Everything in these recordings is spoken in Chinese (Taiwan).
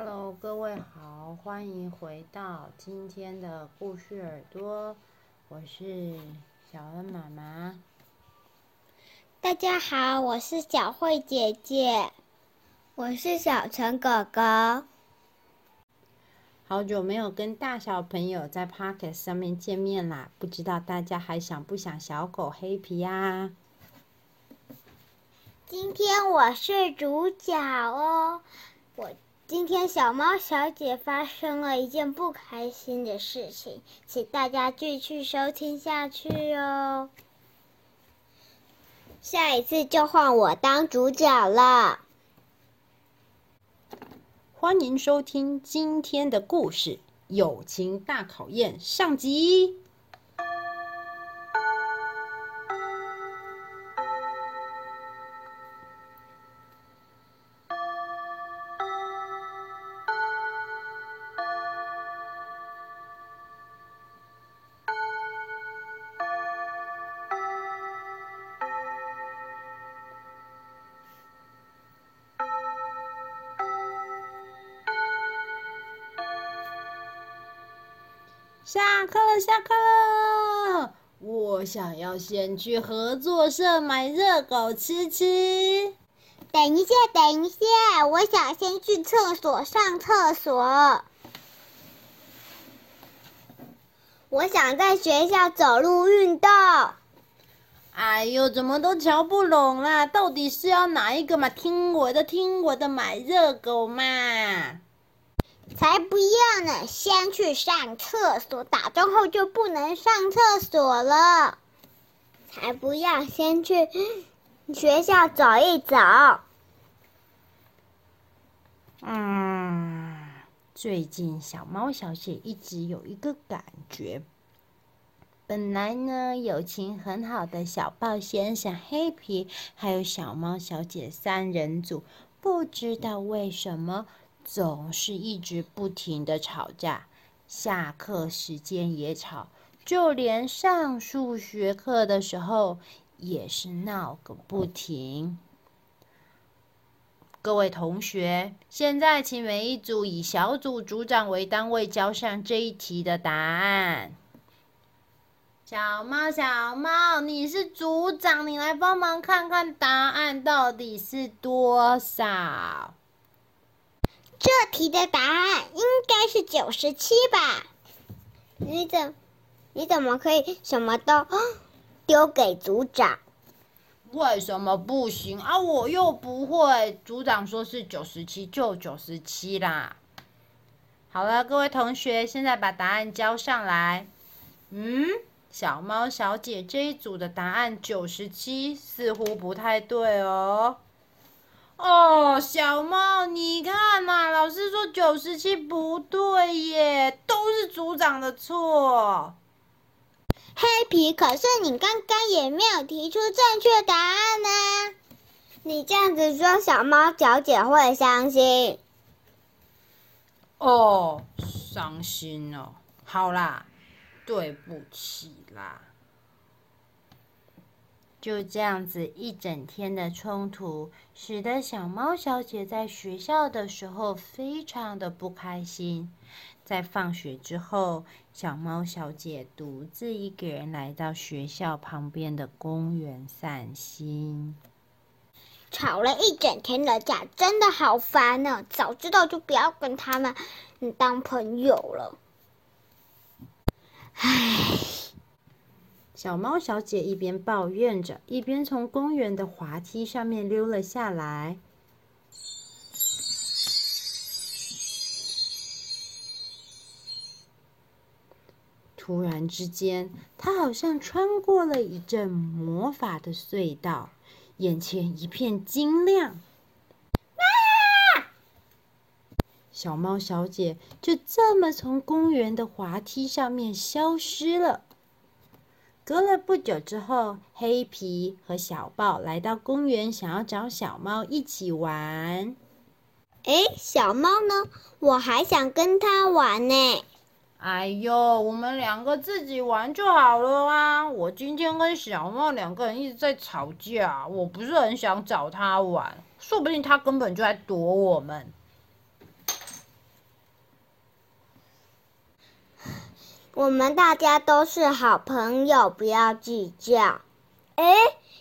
Hello，各位好，歡迎回到今天的故事耳朵，我是小恩媽媽。大家好，我是小慧姐姐，我是小陳哥哥。好久沒有跟大小朋友在 Podcast 上面見面啦，不知道大家還想不想小狗黑皮呀、啊？今天我是主角哦，我。今天，小貓小姐發生了一件不開心的事情，請大家繼續收聽下去哦。下一次就換我當主角了。歡迎收聽今天的故事《友情大考驗》上集。下課了，下課了！我想要先去合作社買熱狗吃吃。等一下，等一下，我想先去廁所上廁所。我想在學校走路運動。哎呦，怎麼都喬不攏了啊？到底是要哪一個嘛？聽我的，聽我的，買熱狗嘛！才不要呢！先去上廁所，打針後就不能上廁所了。才不要，先去學校走一走。嗯，最近小貓小姐一直有一個感覺，本來呢，友情很好的小豹先生、黑皮還有小貓小姐三人組，不知道為什麼。總是一直不停的吵架，下課時間也吵，就連上數學課的時候也是鬧個不停。嗯。各位同學，現在請每一組以小組組長為單位交上這一題的答案。小貓，小貓，你是組長，你來幫忙看看答案到底是多少？這題的答案應該是九十七吧？你怎麼你怎麼可以什麼都，哦，丟給組長？為什麼不行啊？我又不會，組長說是九十七就九十七啦。好了，各位同學，現在把答案交上來。嗯，小貓小姐這一組的答案九十七似乎不太對哦。哦，小貓，你看嘛，老師說九十七不對耶，都是組長的錯。黑皮，可是你剛剛也沒有提出正確答案啊，你這樣子說，小貓小姐會傷心。哦，傷心哦，好啦，對不起啦。就這樣子一整天的衝突，使得小貓小姐在學校的時候非常的不開心。在放學之後，小貓小姐獨自一個人來到學校旁邊的公園散心。吵了一整天的架，真的好煩呢、啊！早知道就不要跟他們當朋友了。唉。小貓小姐一邊抱怨着，一邊從公園的滑梯上面溜了下來。突然之間，她好像穿過了一陣魔法的隧道，眼前一片晶亮、啊。小貓小姐就這麼從公園的滑梯上面消失了。隔了不久之後，黑皮和小豹來到公園，想要找小貓一起玩。哎、欸，小貓呢？我還想跟他玩呢、欸。哎呦，我們兩個自己玩就好了啊！我今天跟小貓兩個人一直在吵架，我不是很想找他玩，說不定他根本就在躲我們。我們大家都是好朋友，不要計較。哎，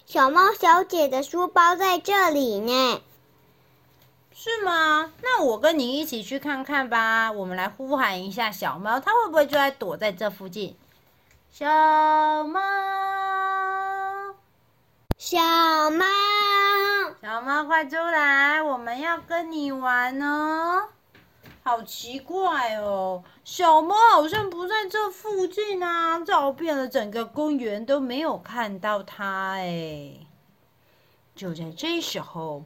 小貓小姐的書包在這裡呢，是嗎？那我跟你一起去看看吧。我們來呼喊一下小貓，它會不會就在躲在這附近？小貓，小貓，小貓，小貓，快出來，我們要跟你玩哦。好奇怪哦，小貓好像不在這附近啊！找遍了整個公園都沒有看到它哎。就在這時候，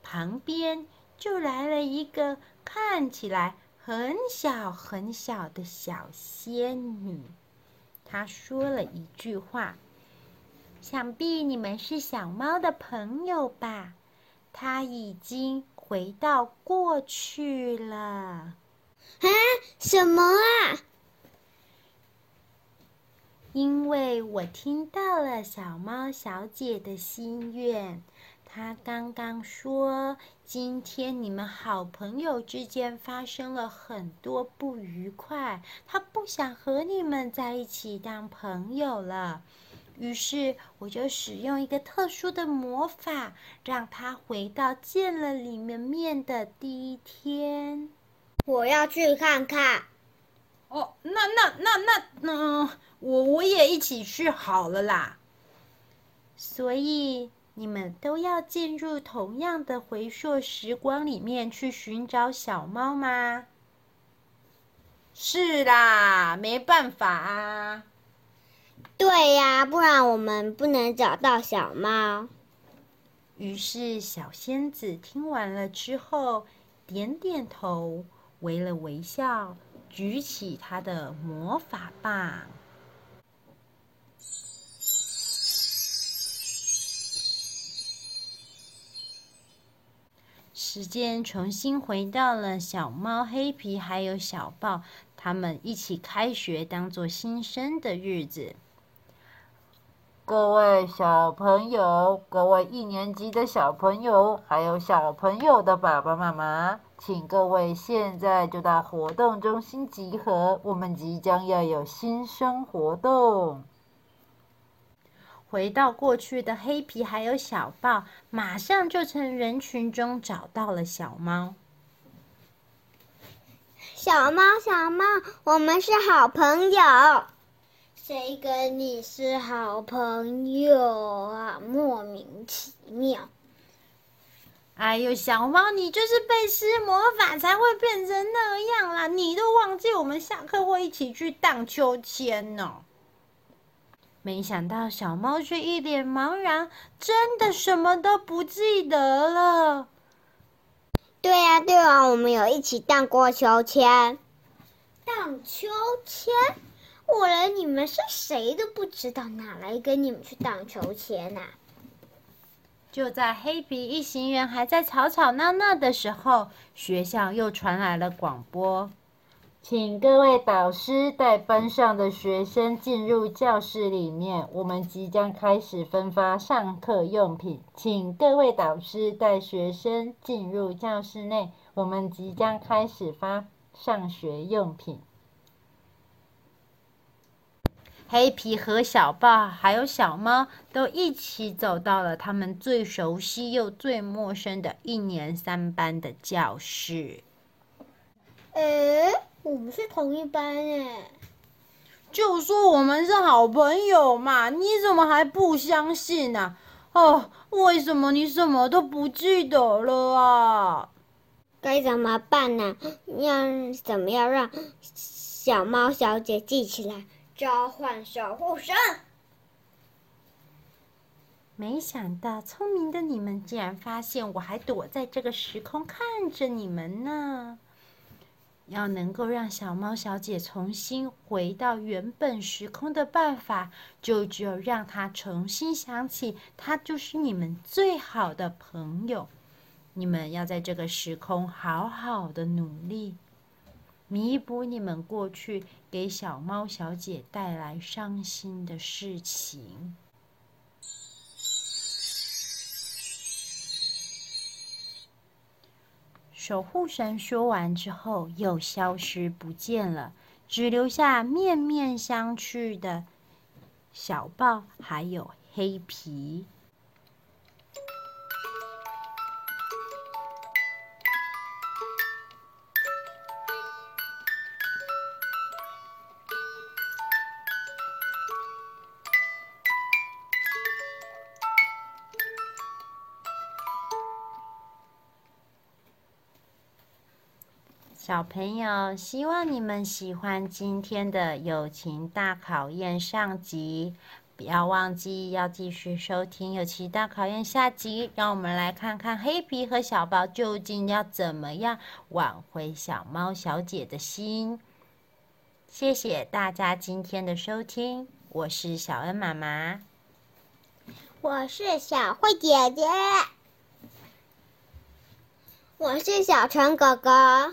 旁邊就來了一個看起來很小很小的小仙女。她說了一句話：“想必你們是小貓的朋友吧？”他已經回到過去了。啊，什麼啊？因為我聽到了小貓小姐的心願，她剛剛說，今天你們好朋友之間發生了很多不愉快，她不想和你們在一起當朋友了。於是我就使用一個特殊的魔法，讓它回到見了你們面的第一天。我要去看看。哦，那那那那那，那那呃、我我也一起去好了啦。所以你們都要進入同樣的回溯時光裡面去尋找小貓嗎？是啦，沒辦法啊。對呀，不然我們不能找到小貓。於是小仙子聽完了之後，點點頭，微了微笑，舉起他的魔法棒。時間重新回到了小貓黑皮還有小豹，他們一起開學當做新生的日子。各位小朋友，各位一年級的小朋友，還有小朋友的爸爸媽媽，請各位現在就到活動中心集合。我們即將要有新生活動。回到過去的黑皮還有小豹，馬上就從人群中找到了小貓。小貓，小貓，我們是好朋友。誰跟你是好朋友啊？莫名其妙！哎呦，小貓，你就是被施魔法才會變成那樣啦！你都忘記我們下課會一起去盪秋千哦。沒想到小貓卻一臉茫然，真的什麼都不記得了。對啊，對啊，我們有一起盪過秋千，盪秋千。我連你們是誰都不知道，哪來跟你們去盪秋千呢？就在黑皮一行人還在吵吵鬧鬧的時候，學校又傳來了廣播，請各位導師帶班上的學生進入教室裡面。我們即將開始分發上課用品，請各位導師帶學生進入教室內，我們即將開始發上學用品。黑皮和小豹還有小貓都一起走到了他們最熟悉又最陌生的一年三班的教室。哎，我們是同一班哎。就說我們是好朋友嘛，你怎麼還不相信呢？哦，為什麼你什麼都不記得了啊？該怎麼辦呢？要怎麼樣讓小貓小姐記起來？召喚守護神！沒想到聰明的你們竟然發現我還躲在這個時空看着你們呢。要能夠讓小貓小姐重新回到原本時空的辦法，就只有讓她重新想起她就是你們最好的朋友。你們要在這個時空好好的努力。彌補你們過去給小貓小姐帶來傷心的事情。守護神說完之後又消失不見了，只留下面面相覷的小豹還有黑皮。小朋友，希望你們喜歡今天的《友情大考驗》上集，不要忘記要繼續收聽《友情大考驗》下集。讓我們來看看黑皮和小豹究竟要怎麼樣挽回小貓小姐的心。謝謝大家今天的收聽，我是小恩媽媽，我是小慧姐姐，我是小陳哥哥。